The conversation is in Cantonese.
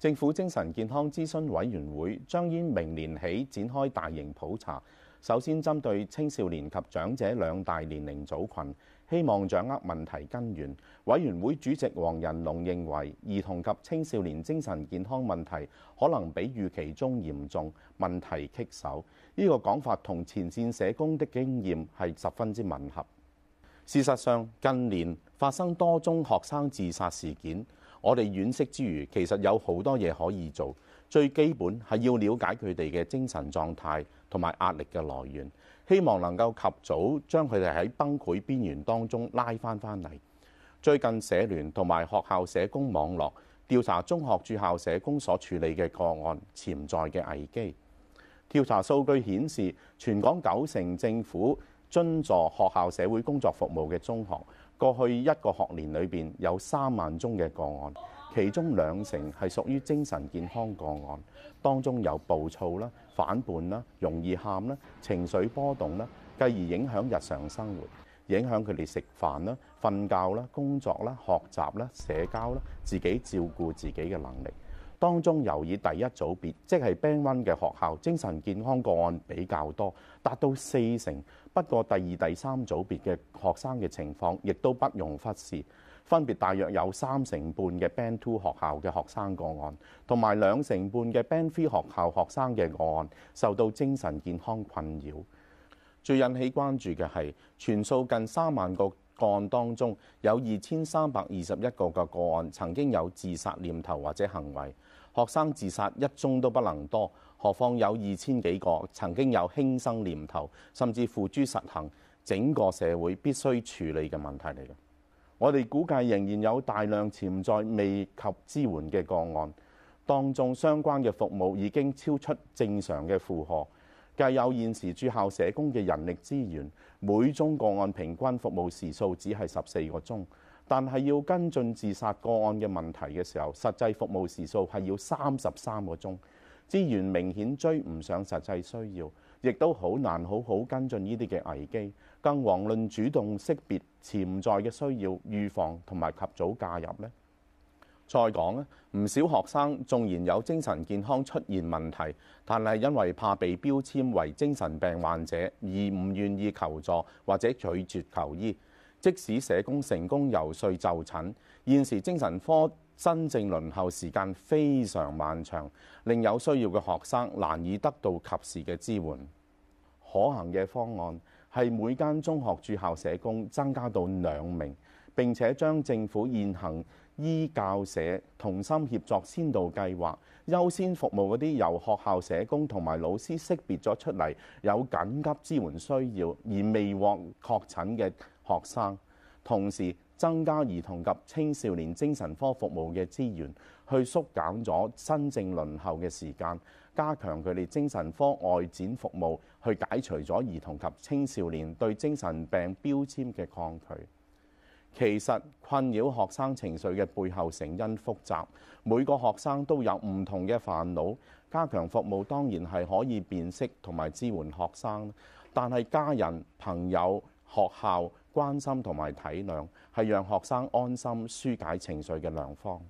政府精神健康諮詢委員會將於明年起展開大型普查，首先針對青少年及長者兩大年齡組群，希望掌握問題根源。委員會主席黃仁龍認為兒童及青少年精神健康問題可能比預期中嚴重，問題棘手。呢個講法同前綫社工的經驗係十分之吻合。事實上，近年發生多宗學生自殺事件。我哋惋惜之餘，其實有好多嘢可以做。最基本係要了解佢哋嘅精神狀態同埋壓力嘅來源，希望能夠及早將佢哋喺崩潰邊緣當中拉翻返嚟。最近社聯同埋學校社工網絡調查中學駐校社工所處理嘅個案，潛在嘅危機。調查數據顯示，全港九成政府津助學校社會工作服務嘅中學。過去一個學年裏邊有三萬宗嘅個案，其中兩成係屬於精神健康個案，當中有暴躁啦、反叛啦、容易喊啦、情緒波動啦，繼而影響日常生活，影響佢哋食飯啦、瞓覺啦、工作啦、學習啦、社交啦，自己照顧自己嘅能力。當中尤以第一組別，即係 Band One 嘅學校，精神健康個案比較多，達到四成。不過第二、第三組別嘅學生嘅情況，亦都不容忽視。分別大約有三成半嘅 Band Two 學校嘅學生個案，同埋兩成半嘅 Band Three 學校學生嘅個案受到精神健康困擾。最引起關注嘅係全數近三萬個。個案當中有二千三百二十一個個個案曾經有自殺念頭或者行為，學生自殺一宗都不能多，何況有二千幾個曾經有輕生念頭，甚至付諸實行，整個社會必須處理嘅問題嚟嘅。我哋估計仍然有大量潛在未及支援嘅個案，當中相關嘅服務已經超出正常嘅負荷。既有現時住校社工嘅人力資源，每宗個案平均服務時數只係十四個鐘，但係要跟進自殺個案嘅問題嘅時候，實際服務時數係要三十三個鐘，資源明顯追唔上實際需要，亦都好難好好跟進呢啲嘅危機，更遑論主動識別潛在嘅需要、預防同埋及早介入咧。再講呢，唔少學生縱然有精神健康出現問題，但係因為怕被標籤為精神病患者而唔願意求助或者拒絕求醫。即使社工成功遊說就診，現時精神科真正輪候時間非常漫長，令有需要嘅學生難以得到及時嘅支援。可行嘅方案係每間中學駐校社工增加到兩名。並且將政府現行醫教社同心協作先導計劃優先服務嗰啲由學校社工同埋老師識別咗出嚟有緊急支援需要而未獲確診嘅學生，同時增加兒童及青少年精神科服務嘅資源，去縮減咗新症輪候嘅時間，加強佢哋精神科外展服務，去解除咗兒童及青少年對精神病標籤嘅抗拒。其實困擾學生情緒嘅背後成因複雜，每個學生都有唔同嘅煩惱。加強服務當然係可以辨識同埋支援學生，但係家人、朋友、學校關心同埋體諒係讓學生安心、疏解情緒嘅良方。